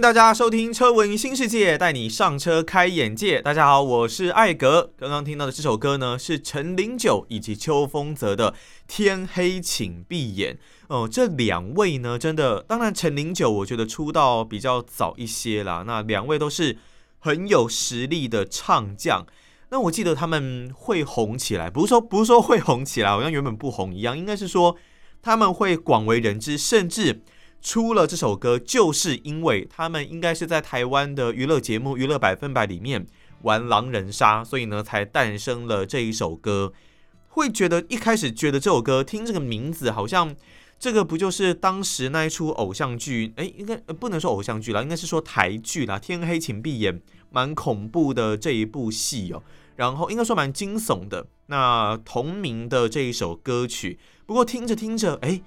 大家收聽車聞新世界，帶你上車開眼界。大家好，我是艾格。剛剛聽到的這首歌呢，是陳零九以及邱鋒澤的《天黑請閉眼》。哦，這兩位呢，真的，當然陳零九我覺得出道比較早一些啦。那兩位都是很有實力的唱將。那我記得他們會紅起來，不是說，不是說會紅起來，好像原本不紅一樣。應該是說他們會廣為人知，甚至。出了這首歌，就是因為他們應該是在台灣的娛樂節目《娛樂百分百》裡面玩狼人殺，所以呢才誕生了這一首歌。會覺得，一開始覺得這首歌聽這個名字好像，這個不就是當時那一出偶像劇？哎、欸，應該、呃、不能說偶像劇啦，應該是說台劇啦。《天黑請閉眼》蠻恐怖的這一部戲哦、喔。然後應該說蠻驚悚的，那同名的這一首歌曲，不過聽着聽着，哎、欸。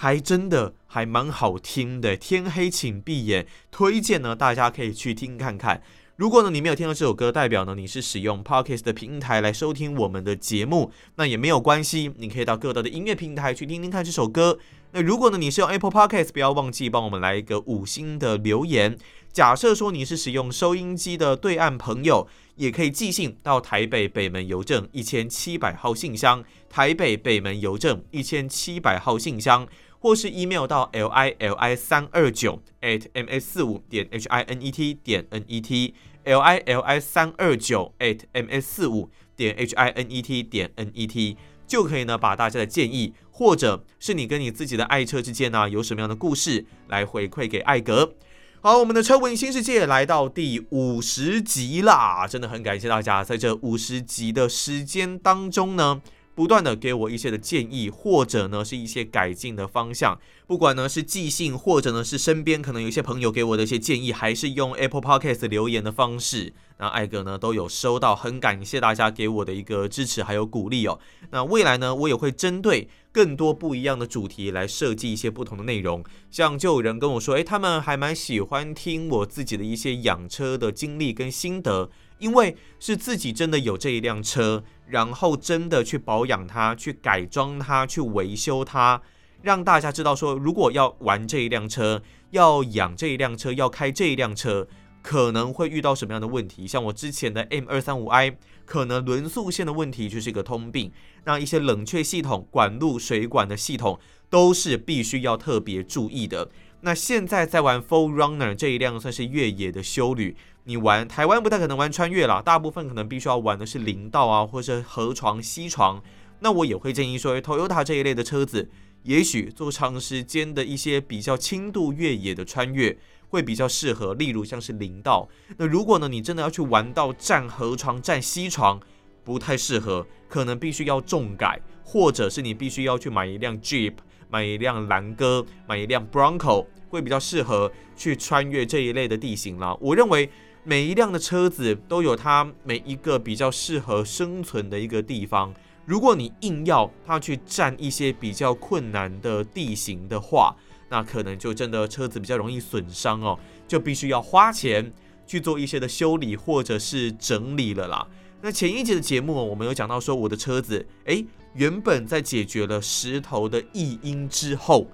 還真的還蠻好聽的，天黑請閉眼。推薦呢，大家可以去聽看看。如果呢你沒有聽到這首歌，代表呢你是使用 Podcast 的平台來收聽我們的節目，那也沒有關係，你可以到各大的音樂平台去聽聽看這首歌。那如果呢你是用 Apple Podcast，不要忘記幫我們來一個五星的留言。假設說你是使用收音機的對岸朋友，也可以寄信到台北北門郵政一千七百號信箱，台北北門郵政一千七百號信箱。或是 email 到 l i l i 三二九 atms 四五點 hinet 點 n e t l i l i 三二九 atms 四五點 hinet 點 net 就可以呢把大家的建議，或者是你跟你自己的愛車之間呢、啊、有什麼樣的故事來回饋給艾格。好，我們的車文新世界來到第五十集啦，真的很感謝大家在這五十集的時間當中呢，不斷的給我一些的建議，或者呢是一些改進的方向，不管呢是寄信，或者呢是身邊可能有一些朋友給我的一些建議，還是用 Apple Podcast 留言的方式，那艾哥呢都有收到，很感謝大家給我的一個支持還有鼓勵哦。那未來呢，我也會針對更多不一樣的主題來設計一些不同的內容，像就有人跟我說，誒、哎，他們還蠻喜歡聽我自己的一些養車的經歷跟心得。因為是自己真的有這一輛車，然後真的去保養它、去改裝它、去維修它，讓大家知道說，如果要玩這一輛車、要養這一輛車、要開這一輛車，可能會遇到什麼樣的問題。像我之前的 M235i，可能輪速線的問題就是一個通病。那一些冷卻系統、管路、水管的系統都是必須要特別注意的。那現在在玩 4Runner 這一輛，算是越野的休旅。你玩台灣不太可能玩穿越啦，大部分可能必須要玩的是林道啊，或者是河床、溪床。那我也會建議說，Toyota 這一類的車子，也許做長時間的一些比較輕度越野的穿越會比較適合，例如像是林道。那如果呢，你真的要去玩到站河床、站溪床，不太適合，可能必須要重改，或者是你必須要去買一輛 Jeep，買一輛蘭哥，買一輛 Bronco 會比較適合去穿越這一類的地形啦。我認為。每一輛的車子都有它每一個比較適合生存的一個地方。如果你硬要它去占一些比較困難的地形的話，那可能就真的車子比較容易損傷哦，就必須要花錢去做一些的修理或者是整理了啦。那前一集的節目我們有講到說，我的車子哎、欸，原本在解決了石頭的異音之後，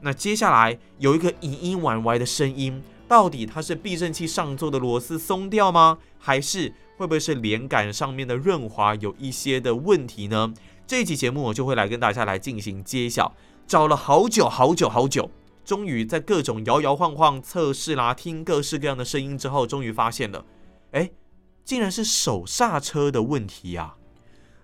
那接下來有一個異音歪歪的聲音。到底它是避震器上座的螺絲鬆掉嗎？還是會不會是連桿上面的潤滑有一些的問題呢？這期節目我就會來跟大家來進行揭曉。找了好久好久好久，終於在各種搖搖晃晃，測試啦，聽各式各樣的聲音之後，終於發現了，哎，竟然是手剎車的問題呀！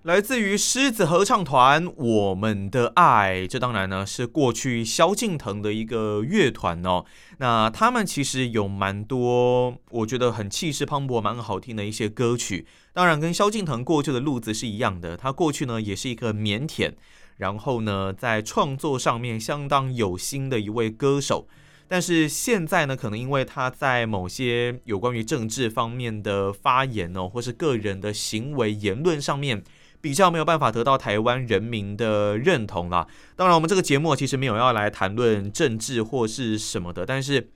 來自於獅子合唱團，《我們的愛》，這當然呢是過去蕭敬騰的一個樂團哦。那他們其實有蠻多，我覺得很氣勢磅礴、蠻好聽的一些歌曲。當然，跟蕭敬騰過去的路子是一樣的。他過去呢也是一個靦腆，然後呢在創作上面相當有心的一位歌手。但是現在呢，可能因為他在某些有關於政治方面的發言哦，或是個人的行為言論上面。比較沒有辦法得到台灣人民的認同啦。當然，我們這個節目其實沒有要來談論政治或是什麼的。但是，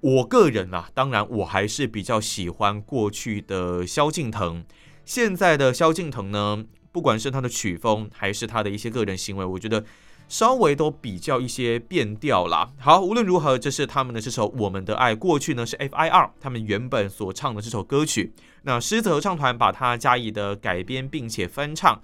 我個人啊，當然我還是比較喜歡過去的蕭敬騰。現在的蕭敬騰呢，不管是他的曲風還是他的一些個人行為，我覺得稍微都比較一些變調了。好，無論如何，這是他們的這首《我們的愛》，過去呢是 F.I.R. 他們原本所唱的這首歌曲。那獅子合唱團把它加以的改編，並且翻唱，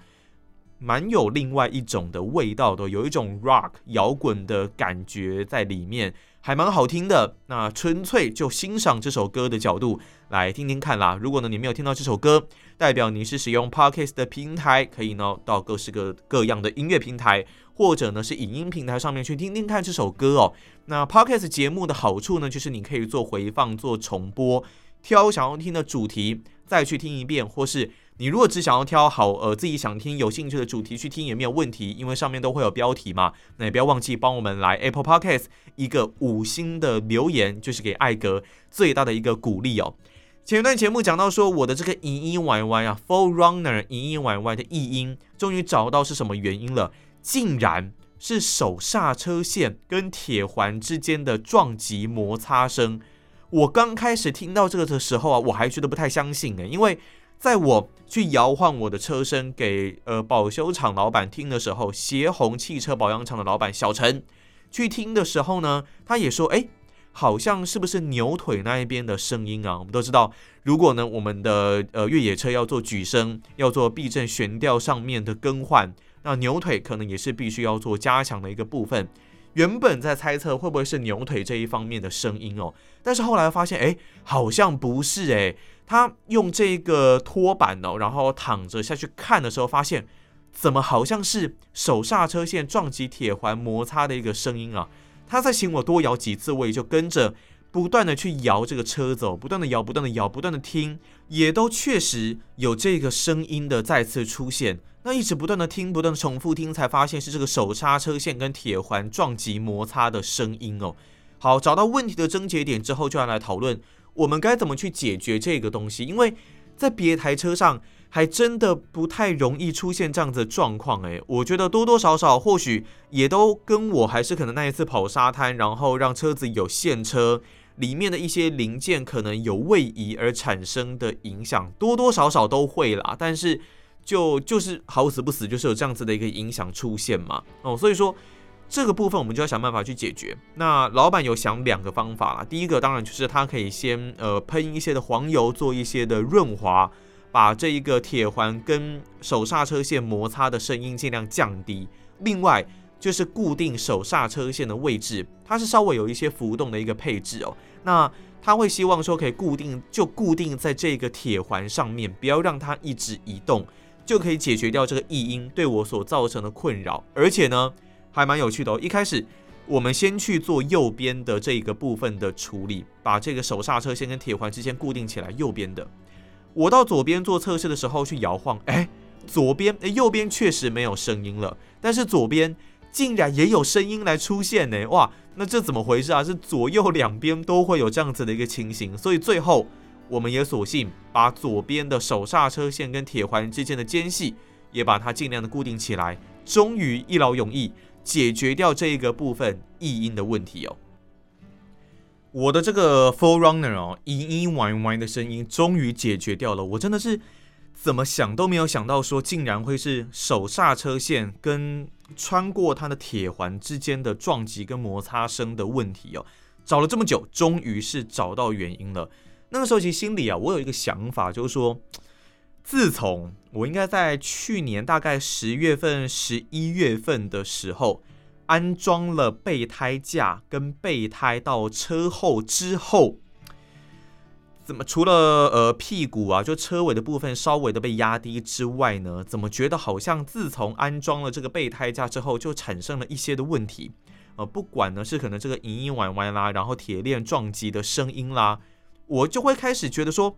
蠻有另外一種的味道的，有一種 rock 搖滾的感覺在裡面，還蠻好聽的。那純粹就欣賞這首歌的角度來聽聽看啦。如果呢你沒有聽到這首歌，代表你是使用 Podcast 的平台，可以呢到各式各各樣的音樂平台，或者呢是影音平台上面去聽聽看這首歌哦。那 Podcast 節目的好處呢，就是你可以做回放，做重播，挑想要聽的主題，再去聽一遍，或是你如果只想要挑好呃自己想聽、有興趣的主題去聽也沒有問題，因為上面都會有標題嘛。那也不要忘記幫我們來 Apple Podcast 一個五星的留言，就是給艾格最大的一個鼓勵哦。前段節目講到說，我的這個咿咿歪歪啊，4Runner 咿咿歪歪的異音，終於找到是什麼原因了，竟然是手剎車線跟鐵環之間的撞擊摩擦聲。我剛開始聽到這個的時候啊，我還覺得不太相信呢、欸，因為在我去搖晃我的車身給呃保修廠老闆聽的時候，協宏汽車保養廠的老闆小陳去聽的時候呢，他也說哎，好像是不是牛腿那一邊的聲音啊？我們都知道，如果呢我們的呃越野車要做舉升，要做避震懸吊上面的更換，那牛腿可能也是必須要做加強的一個部分。原本在猜測會不會是牛腿這一方面的聲音哦，但是後來發現，哎、欸，好像不是哎、欸。他用這個托板哦，然後躺着下去看的時候，發現怎麼好像是手剎車線撞擊鐵環摩擦的一個聲音啊。他再請我多搖幾次，我也就跟着。不斷地去搖這個車子、哦不，不斷地搖，不斷地搖，不斷地聽，也都確實有這個聲音的再次出現。那一直不斷地聽，不斷地重複聽，才發現是這個手剎車線跟鐵環撞擊摩擦的聲音哦。好，找到問題的症結點之後，就要來討論我們該怎麼去解決這個東西。因為在別台車上還真的不太容易出現這樣子的狀況誒、哎，我覺得多多少少或許也都跟我還是可能那一次跑沙灘，然後讓車子有陷車。裡面的一些零件可能有位移而產生的影響，多多少少都會啦。但是就就是好死不死，就是有這樣子的一個影響出現嘛。哦，所以說這個部分我們就要想辦法去解決。那老闆有想兩個方法啦，第一個當然就是他可以先呃噴一些的黃油，做一些的潤滑，把這一個鐵環跟手剎車線摩擦的聲音儘量降低。另外。就是固定手剎車線的位置，它是稍微有一些浮動的一個配置哦。那它會希望說可以固定，就固定在這個鐵環上面，不要讓它一直移動，就可以解決掉這個異音對我所造成的困擾。而且呢，還蠻有趣的哦。一開始我們先去做右邊的這一個部分的處理，把這個手剎車線跟鐵環之間固定起來。右邊的，我到左邊做測試的時候去搖晃，哎，左邊，誒，右邊確實沒有聲音了，但是左邊。竟然也有聲音來出現呢！哇，那這怎麼回事啊？是左右兩邊都會有這樣子的一個情形，所以最後我們也索性把左邊的手剎車線跟鐵環之間的間隙也把它儘量的固定起來，終於一勞永逸解決掉這一個部分異音的問題哦。我的這個 4Runner 哦，嚶嚶，歪歪的聲音終於解決掉了，我真的是。怎麼想都沒有想到說竟然會是手剎車線跟穿過它的鐵環之間的撞擊跟摩擦聲的問題哦。找了這麼久，終於是找到原因了。那個時候其實心裡啊，我有一個想法，就是說，自從我應該在去年大概十月份、十一月份的時候安裝了備胎架跟備胎到車後之後。怎麼除了呃屁股啊，就車尾的部分稍微的被壓低之外呢，怎麼覺得好像自從安裝了這個備胎架之後，就產生了一些的問題？呃，不管呢是可能這個隱隱彎彎啦，然後鐵鏈撞擊的聲音啦，我就會開始覺得說，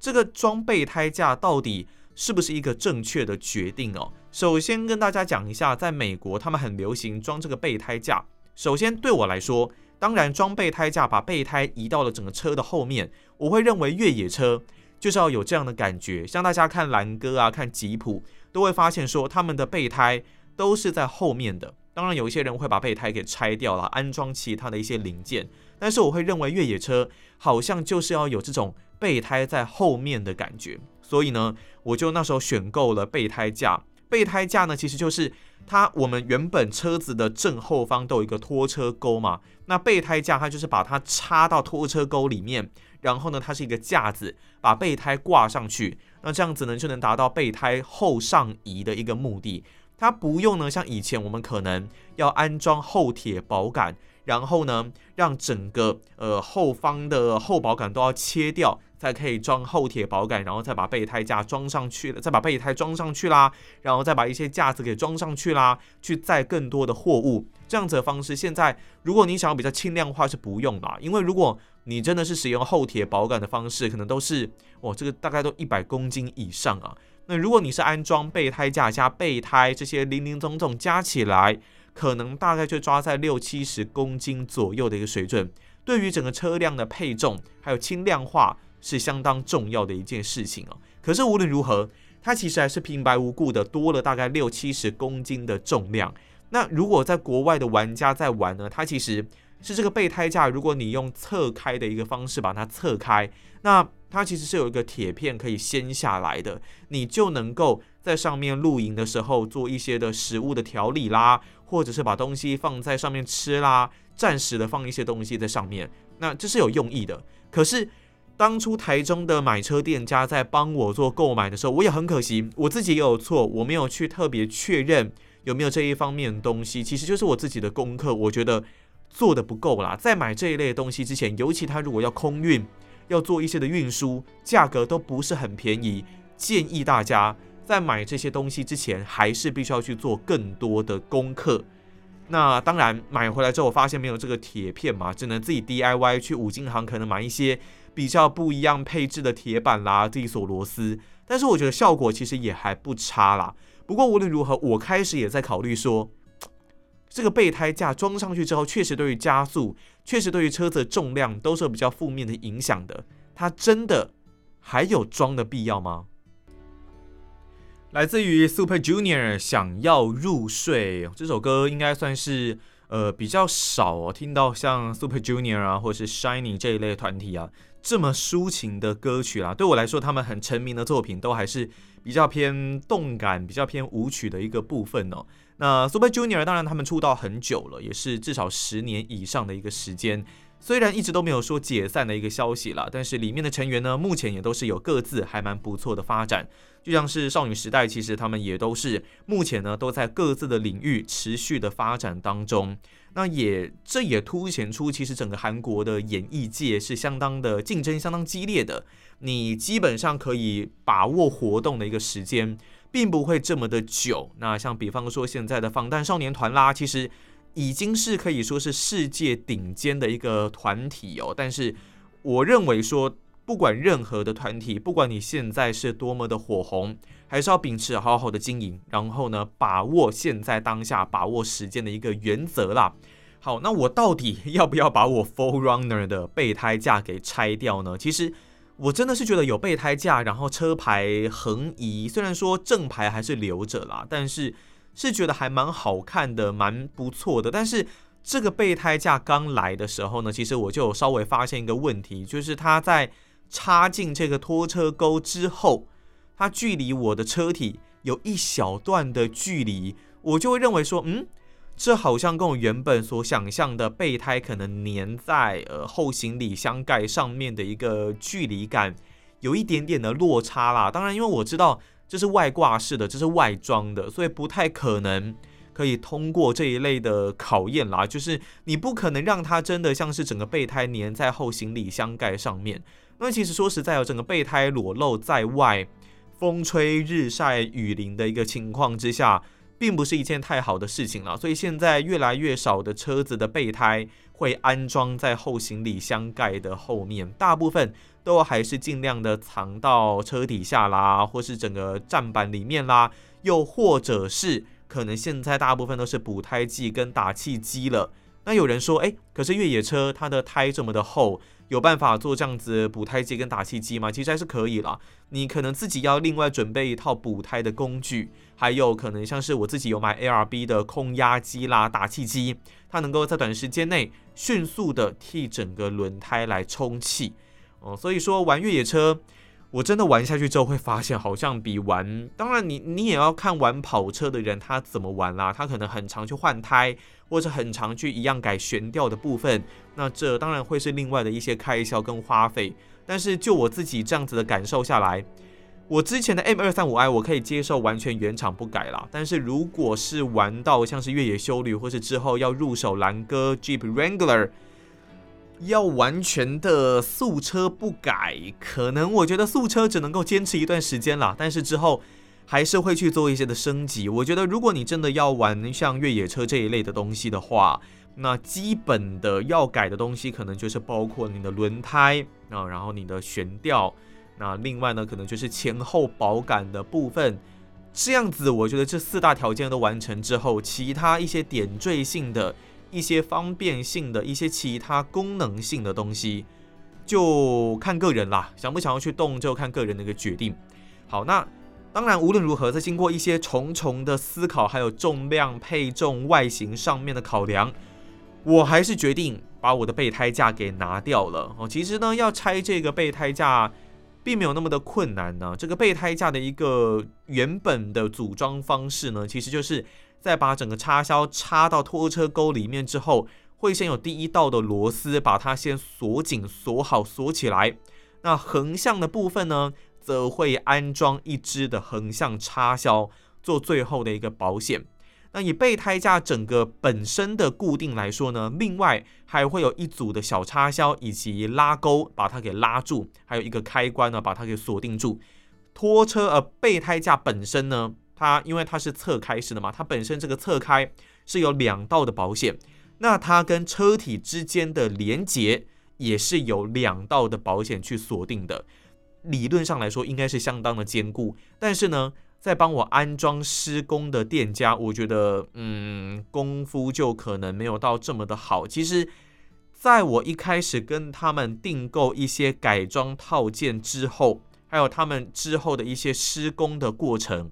這個裝備胎架到底是不是一個正確的決定哦？首先跟大家講一下，在美國他們很流行裝這個備胎架。首先對我來說。當然，裝備胎架把備胎移到了整個車的後面。我會認為越野車就是要有這樣的感覺，像大家看蘭哥啊，看吉普，都會發現說他們的備胎都是在後面的。當然，有一些人會把備胎給拆掉了，安裝其他的一些零件。但是，我會認為越野車好像就是要有這種備胎在後面的感覺。所以呢，我就那時候選購了備胎架。備胎架呢，其實就是它我們原本車子的正後方都有一個拖車鈎嘛，那備胎架它就是把它插到拖車鈎裡面，然後呢，它是一個架子，把備胎掛上去，那這樣子呢，就能達到備胎後上移的一個目的。它不用呢，像以前我們可能要安裝後鐵保桿，然後呢，讓整個呃後方的後保桿都要切掉。再可以裝厚鐵保桿，然後再把備胎架裝上去，再把備胎裝上去啦，然後再把一些架子給裝上去啦，去載更多的貨物。這樣子的方式，現在如果你想要比較輕量化是不用啦，因為如果你真的是使用厚鐵保桿的方式，可能都是哦這個大概都一百公斤以上啊。那如果你是安裝備胎架加備胎，這些零零總總加起來，可能大概就抓在六七十公斤左右的一個水準，對於整個車輛的配重還有輕量化是相當重要的一件事情哦。可是無論如何，它其實還是平白無故的多了大概六七十公斤的重量。那如果在國外的玩家在玩呢，它其實是這個備胎架，如果你用側開的一個方式把它側開，那它其實是有一個鐵片可以掀下來的，你就能夠在上面露營的時候做一些的食物的調理啦，或者是把東西放在上面吃啦，暫時的放一些東西在上面，那這是有用意的。可是，當初台中的買車店家在幫我做購買的時候，我也很可惜，我自己也有錯，我沒有去特別確認有沒有這一方面的東西，其實就是我自己的功課，我覺得做的不夠啦。在買這一類東西之前，尤其他如果要空運，要做一些的運輸，價格都不是很便宜，建議大家在買這些東西之前，還是必須要去做更多的功課。那當然買回來之後，我發現沒有這個鐵片嘛，只能自己 DIY 去五金行可能買一些。比較不一樣配置的鐵板啦，自己鎖螺絲，但是我覺得效果其實也還不差啦。不過無論如何，我開始也在考慮說，這個備胎架裝上去之後，確實對於加速，確實對於車子的重量都是有比較負面的影響的。它真的還有裝的必要嗎？來自於 Super Junior 想要入睡這首歌，應該算是呃比較少、喔、聽到像 Super Junior 啊，或者是 Shining 這一類的團體啊。這麼抒情的歌曲啦，對我來說，他們很成名的作品都還是比較偏動感、比較偏舞曲的一個部分呢、哦。那 Super Junior 當然他們出道很久了，也是至少十年以上的一個時間。雖然一直都沒有說解散的一個消息了，但是裡面的成員呢，目前也都是有各自還蠻不錯的發展。就像是少女時代，其實他們也都是目前呢都在各自的領域持續的發展當中。那也這也凸顯出，其實整個韓國的演藝界是相當的競爭，相當激烈的。你基本上可以把握活動的一個時間，並不會這麼的久。那像比方說現在的防彈少年團啦，其實。已經是可以說是世界頂尖的一個團體哦，但是我認為說，不管任何的團體，不管你現在是多麼的火紅，還是要秉持好好的經營，然後呢，把握現在當下，把握時間的一個原則啦。好，那我到底要不要把我 4Runner 的備胎架給拆掉呢？其實我真的是覺得有備胎架，然後車牌橫移，雖然說正牌還是留着啦，但是。是覺得還蠻好看的，蠻不錯的，但是這個備胎架剛來的時候呢，其實我就有稍微發現一個問題，就是它在插進這個拖車鈎之後，它距離我的車體有一小段的距離，我就會認為說，嗯，這好像跟我原本所想象的備胎可能粘在呃後行李箱蓋上面的一個距離感有一點點的落差啦。當然，因為我知道。這是外掛式的，這是外裝的，所以不太可能可以通過這一類的考驗啦。就是你不可能讓它真的像是整個備胎粘在後行李箱蓋上面。那其實說實在有、哦，整個備胎裸露在外，風吹日曬雨淋的一個情況之下，並不是一件太好的事情啦。所以現在越來越少的車子的備胎。會安裝在後行李箱蓋的後面，大部分都還是盡量的藏到車底下啦，或是整個踏板裡面啦，又或者是可能現在大部分都是補胎劑跟打氣機了。那有人說，哎、欸，可是越野車它的胎這麼的厚，有辦法做這樣子補胎機跟打氣機嗎？其實還是可以啦。你可能自己要另外準備一套補胎的工具，還有可能像是我自己有買 ARB 的空壓機啦、打氣機，它能夠在短時間內迅速的替整個輪胎來充氣。哦，所以說玩越野車。我真的玩下去之後會發現，好像比玩。當然你你也要看玩跑車的人他怎麼玩啦，啊，他可能很常去換胎，或者很常去一樣改懸吊的部分，那這當然會是另外的一些開銷跟花費。但是就我自己這樣子的感受下來，我之前的 M235i 我可以接受完全原廠不改啦。但是如果是玩到像是越野休旅，或是之後要入手藍哥 Jeep Wrangler，要完全的素車不改，可能我覺得素車只能夠堅持一段時間了。但是之後還是會去做一些的升級。我覺得如果你真的要玩像越野車這一類的東西的話，那基本的要改的東西可能就是包括你的輪胎啊，然後你的懸吊，那另外呢，可能就是前後保桿的部分。這樣子，我覺得這四大條件都完成之後，其他一些點綴性的。一些方便性的一些其他功能性的東西，就看個人啦，想不想要去動就看個人的一個決定。好，那當然無論如何，在經過一些重重的思考，還有重量配重、外形上面的考量，我還是決定把我的備胎架給拿掉了哦。其實呢，要拆這個備胎架並沒有那麼的困難呢、啊。這個備胎架的一個原本的組裝方式呢，其實就是。再把整個插銷插到拖車鈎裡面之後，會先有第一道的螺絲把它先鎖緊、鎖好、鎖起來。那橫向的部分呢，則會安裝一支的橫向插銷，做最後的一個保險。那以備胎架整個本身的固定來說呢，另外還會有一組的小插銷以及拉鈎把它給拉住，還有一個開關呢把它給鎖定住。拖車，呃，備胎架本身呢。它因為它是側開式的嘛，它本身這個側開是有兩道的保險，那它跟車體之間的連接也是有兩道的保險去鎖定的，理論上來說應該是相當的堅固。但是呢，在幫我安裝施工的店家，我覺得嗯功夫就可能沒有到這麼的好。其實，在我一開始跟他們訂購一些改裝套件之後，還有他們之後的一些施工的過程。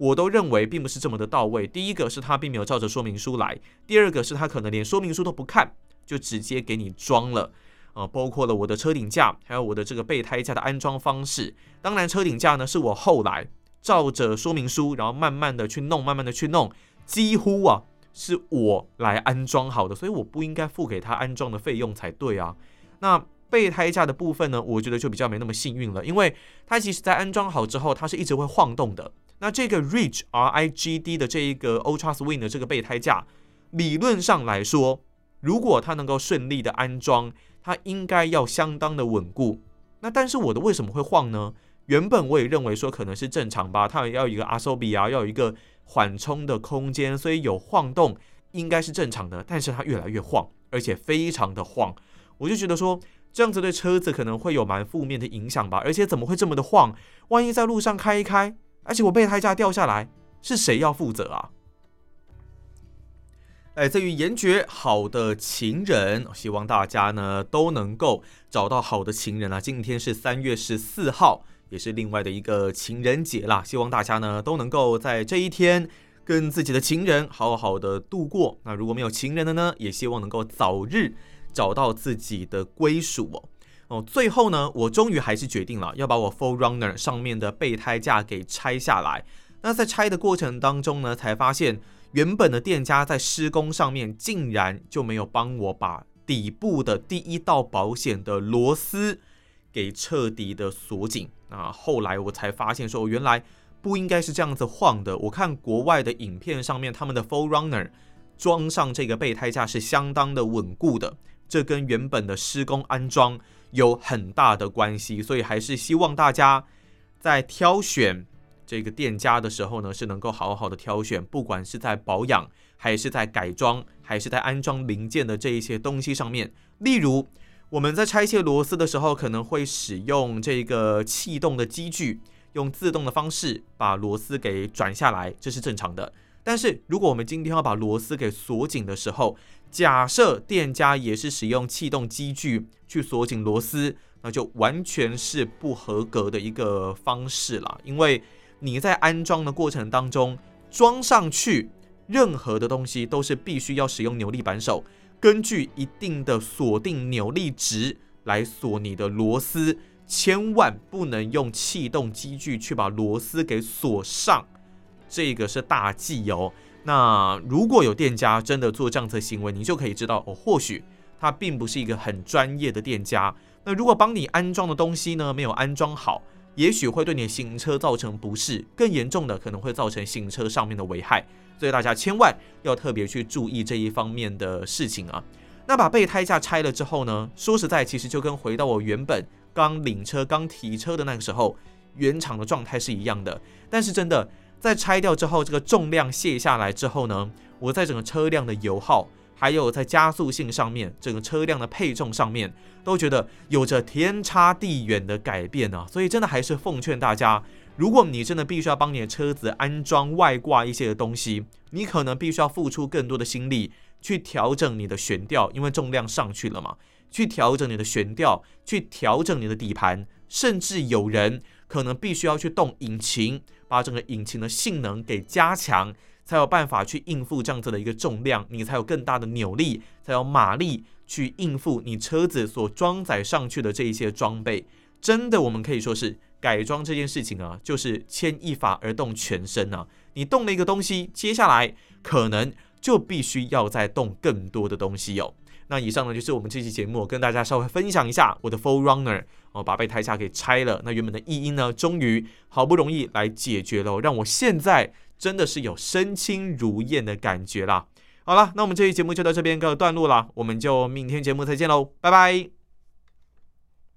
我都認為並不是這麼的到位。第一個是他並沒有照着說明書來，第二個是他可能連說明書都不看，就直接給你裝了。啊，包括了我的車頂架，還有我的這個備胎架的安裝方式。當然，車頂架呢是我後來照着說明書，然後慢慢的去弄，慢慢的去弄，幾乎啊是我來安裝好的，所以我不應該付給他安裝的費用才對啊。那備胎架的部分呢，我覺得就比較沒那麼幸運了，因為它其實在安裝好之後，它是一直會晃動的。那這個、Rich、r i g d 的這一個 Ultra Swing 的這個備胎架，理論上來說，如果它能夠順利的安裝，它應該要相當的穩固。那但是我的為什麼會晃呢？原本我也認為說可能是正常吧，它要一個 absorber，要有一個緩衝的空間，所以有晃動應該是正常的。但是它越來越晃，而且非常的晃，我就覺得說這樣子對車子可能會有蠻負面的影響吧。而且怎麼會這麼的晃？萬一在路上開一開。而且我備胎架掉下來，是誰要負責啊？哎，在於顏爵好的情人，希望大家呢都能夠找到好的情人啊！今天是三月十四號，也是另外的一個情人節啦。希望大家呢都能夠在這一天跟自己的情人好好的度過。那如果沒有情人的呢，也希望能夠早日找到自己的歸屬哦。哦，最後呢，我終於還是決定了要把我 4runner 上面的備胎架給拆下來。那在拆的過程當中呢，才發現原本的店家在施工上面竟然就沒有幫我把底部的第一道保險的螺絲給徹底的鎖緊啊。那後來我才發現說，哦，原來不應該是這樣子晃的。我看國外的影片上面，他們的 4runner 裝上這個備胎架是相當的穩固的。這跟原本的施工安裝有很大的關係，所以還是希望大家在挑選這個店家的時候呢，是能夠好好的挑選，不管是在保養，還是在改裝，還是在安裝零件的這一些東西上面。例如，我們在拆卸螺絲的時候，可能會使用這個氣動的機具，用自動的方式把螺絲給轉下來，這是正常的。但是，如果我們今天要把螺絲給鎖緊的時候，假設店家也是使用氣動機具去鎖緊螺絲，那就完全是不合格的一個方式了。因為你在安裝的過程當中，裝上去任何的東西都是必須要使用扭力扳手，根據一定的鎖定扭力值來鎖你的螺絲，千萬不能用氣動機具去把螺絲給鎖上。這個是大忌哦。那如果有店家真的做這樣子的行為，你就可以知道哦，或許他並不是一個很專業的店家。那如果幫你安裝的東西呢，沒有安裝好，也許會對你的行車造成不適，更嚴重的可能會造成行車上面的危害。所以大家千萬要特別去注意這一方面的事情啊。那把備胎架拆了之後呢，說實在，其實就跟回到我原本剛領車、剛提車的那個時候，原廠的狀態是一樣的。但是真的。在拆掉之後，這個重量卸下來之後呢，我在整個車輛的油耗，還有在加速性上面，整個車輛的配重上面，都覺得有着天差地遠的改變呢。所以真的還是奉勸大家，如果你真的必須要幫你的車子安裝外掛一些的東西，你可能必須要付出更多的心力去調整你的懸吊，因為重量上去了嘛，去調整你的懸吊，去調整你的底盤，甚至有人。可能必須要去動引擎，把整個引擎的性能給加強，才有辦法去應付這樣子的一個重量，你才有更大的扭力，才有馬力去應付你車子所裝載上去的這一些裝備。真的，我們可以說是改裝這件事情啊，就是牽一髮而動全身呢、啊。你動了一個東西，接下來可能就必須要再動更多的東西喲、哦。那以上呢，就是我們這期節目跟大家稍微分享一下我的 4Runner、er、哦，把備胎架給拆了。那原本的異音，音呢，終於好不容易來解決了，讓我現在真的是有身輕如燕的感覺啦。好了，那我們這期節目就到這邊告一段落啦，我們就明天節目再見嘍，拜拜。